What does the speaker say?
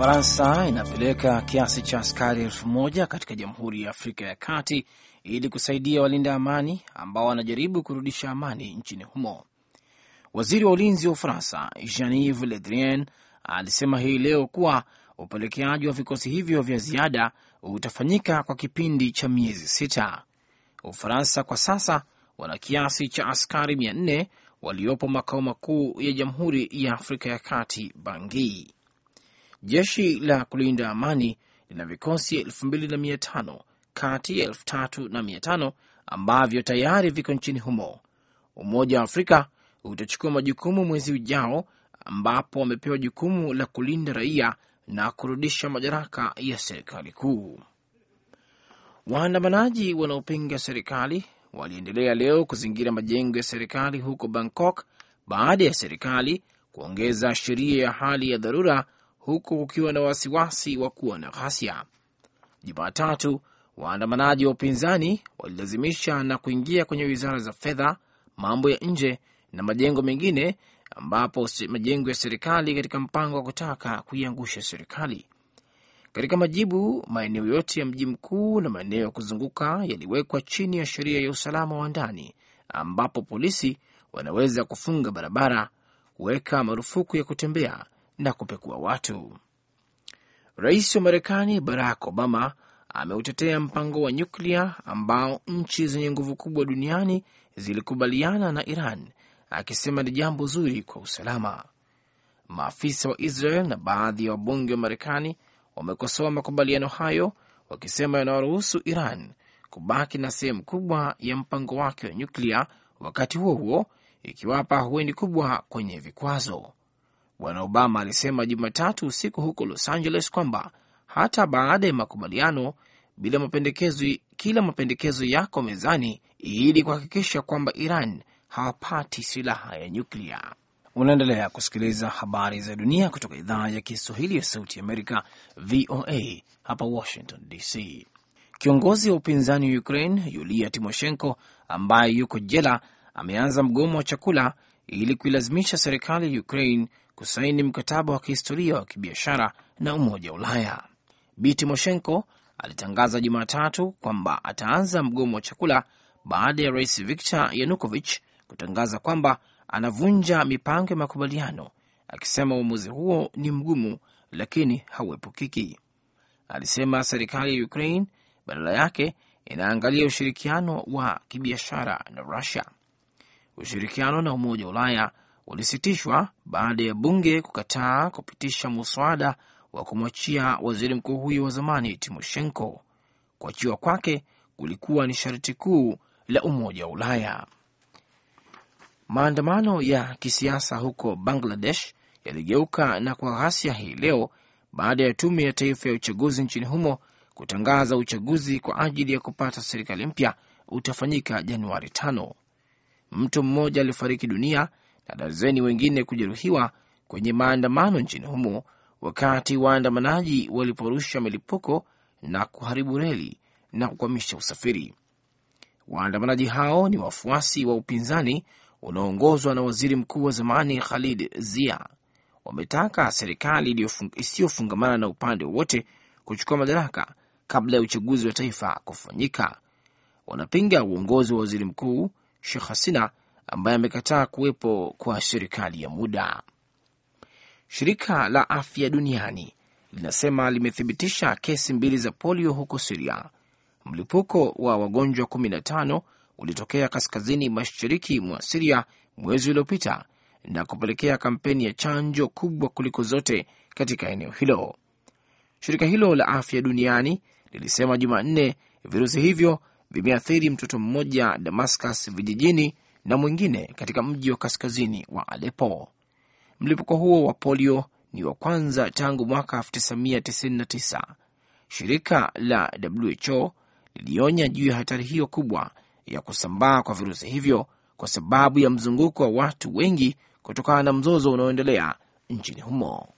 Ufaransa inapeleka kiasi cha askari elfu moja katika Jamhuri ya Afrika ya Kati ili kusaidia walinda amani ambao wanajaribu kurudisha amani nchini humo. Waziri wa ulinzi wa Ufaransa Jean-Yves Le Drian alisema hii leo kuwa upelekeaji wa vikosi hivyo vya ziada utafanyika kwa kipindi cha miezi sita. Ufaransa kwa sasa wana kiasi cha askari mia nne waliopo makao makuu ya Jamhuri ya Afrika ya Kati Bangui. Jeshi la kulinda amani lina vikosi elfu kati ya elfu ambavyo tayari viko nchini humo. Umoja wa Afrika utachukua majukumu mwezi ujao, ambapo wamepewa jukumu la kulinda raia na kurudisha madaraka ya serikali kuu. Waandamanaji wanaopinga serikali waliendelea leo kuzingira majengo ya serikali huko Bangkok baada ya serikali kuongeza sheria ya hali ya dharura huku kukiwa na wasiwasi wa kuwa na ghasia. Jumatatu waandamanaji wa upinzani walilazimisha na kuingia kwenye wizara za fedha, mambo ya nje na majengo mengine, ambapo majengo ya serikali katika mpango wa kutaka kuiangusha serikali. Katika majibu, maeneo yote ya mji mkuu na maeneo ya kuzunguka yaliwekwa chini ya sheria ya usalama wa ndani, ambapo polisi wanaweza kufunga barabara, kuweka marufuku ya kutembea na kupekua watu. Rais wa Marekani Barack Obama ameutetea mpango wa nyuklia ambao nchi zenye nguvu kubwa duniani zilikubaliana na Iran, akisema ni jambo zuri kwa usalama. Maafisa wa Israel na baadhi ya wabunge wa Marekani wamekosoa makubaliano hayo, wakisema yanawaruhusu Iran kubaki na sehemu kubwa ya mpango wake wa nyuklia, wakati huo huo ikiwapa hueni kubwa kwenye vikwazo. Bwana Obama alisema Jumatatu usiku huko Los Angeles kwamba hata baada ya makubaliano bila mapendekezo, kila mapendekezo yako mezani ili kuhakikisha kwamba Iran hawapati silaha ya nyuklia. Unaendelea kusikiliza habari za dunia kutoka idhaa ya Kiswahili ya Sauti Amerika, VOA hapa Washington DC. Kiongozi wa upinzani wa Ukraine Yulia Timoshenko ambaye yuko jela ameanza mgomo wa chakula ili kuilazimisha serikali ya Ukraine kusaini mkataba wa kihistoria wa kibiashara na Umoja wa Ulaya. Bi Timoshenko alitangaza Jumatatu kwamba ataanza mgomo wa chakula baada ya Rais Viktor Yanukovich kutangaza kwamba anavunja mipango ya makubaliano, akisema uamuzi huo ni mgumu lakini hauepukiki. Alisema serikali ya Ukraine badala yake inaangalia ushirikiano wa kibiashara na Rusia. Ushirikiano na Umoja wa Ulaya ulisitishwa baada ya bunge kukataa kupitisha muswada wa kumwachia waziri mkuu huyo wa zamani Timoshenko. Kuachiwa kwake kulikuwa ni sharti kuu la Umoja wa Ulaya. Maandamano ya kisiasa huko Bangladesh yaligeuka na kwa ghasia hii leo baada ya tume ya taifa ya uchaguzi nchini humo kutangaza uchaguzi kwa ajili ya kupata serikali mpya utafanyika Januari tano. Mtu mmoja alifariki dunia na dazeni wengine kujeruhiwa kwenye maandamano nchini humo, wakati waandamanaji waliporusha milipuko na kuharibu reli na kukwamisha usafiri. Waandamanaji hao ni wafuasi wa upinzani unaoongozwa na waziri mkuu wa zamani Khalid Zia. Wametaka serikali isiyofungamana na upande wowote kuchukua madaraka kabla ya uchaguzi wa taifa kufanyika. Wanapinga uongozi wa waziri mkuu Sheikh Hasina ambaye amekataa kuwepo kwa serikali ya muda. Shirika la Afya Duniani linasema limethibitisha kesi mbili za polio huko Siria. Mlipuko wa wagonjwa 15 ulitokea kaskazini mashariki mwa Siria mwezi uliopita na kupelekea kampeni ya chanjo kubwa kuliko zote katika eneo hilo. Shirika hilo la afya duniani lilisema Jumanne virusi hivyo vimeathiri mtoto mmoja Damascus vijijini na mwingine katika mji wa kaskazini wa alepo Mlipuko huo wa polio ni wa kwanza tangu mwaka 1999. Shirika la WHO lilionya juu ya hatari hiyo kubwa ya kusambaa kwa virusi hivyo kwa sababu ya mzunguko wa watu wengi kutokana na mzozo unaoendelea nchini humo.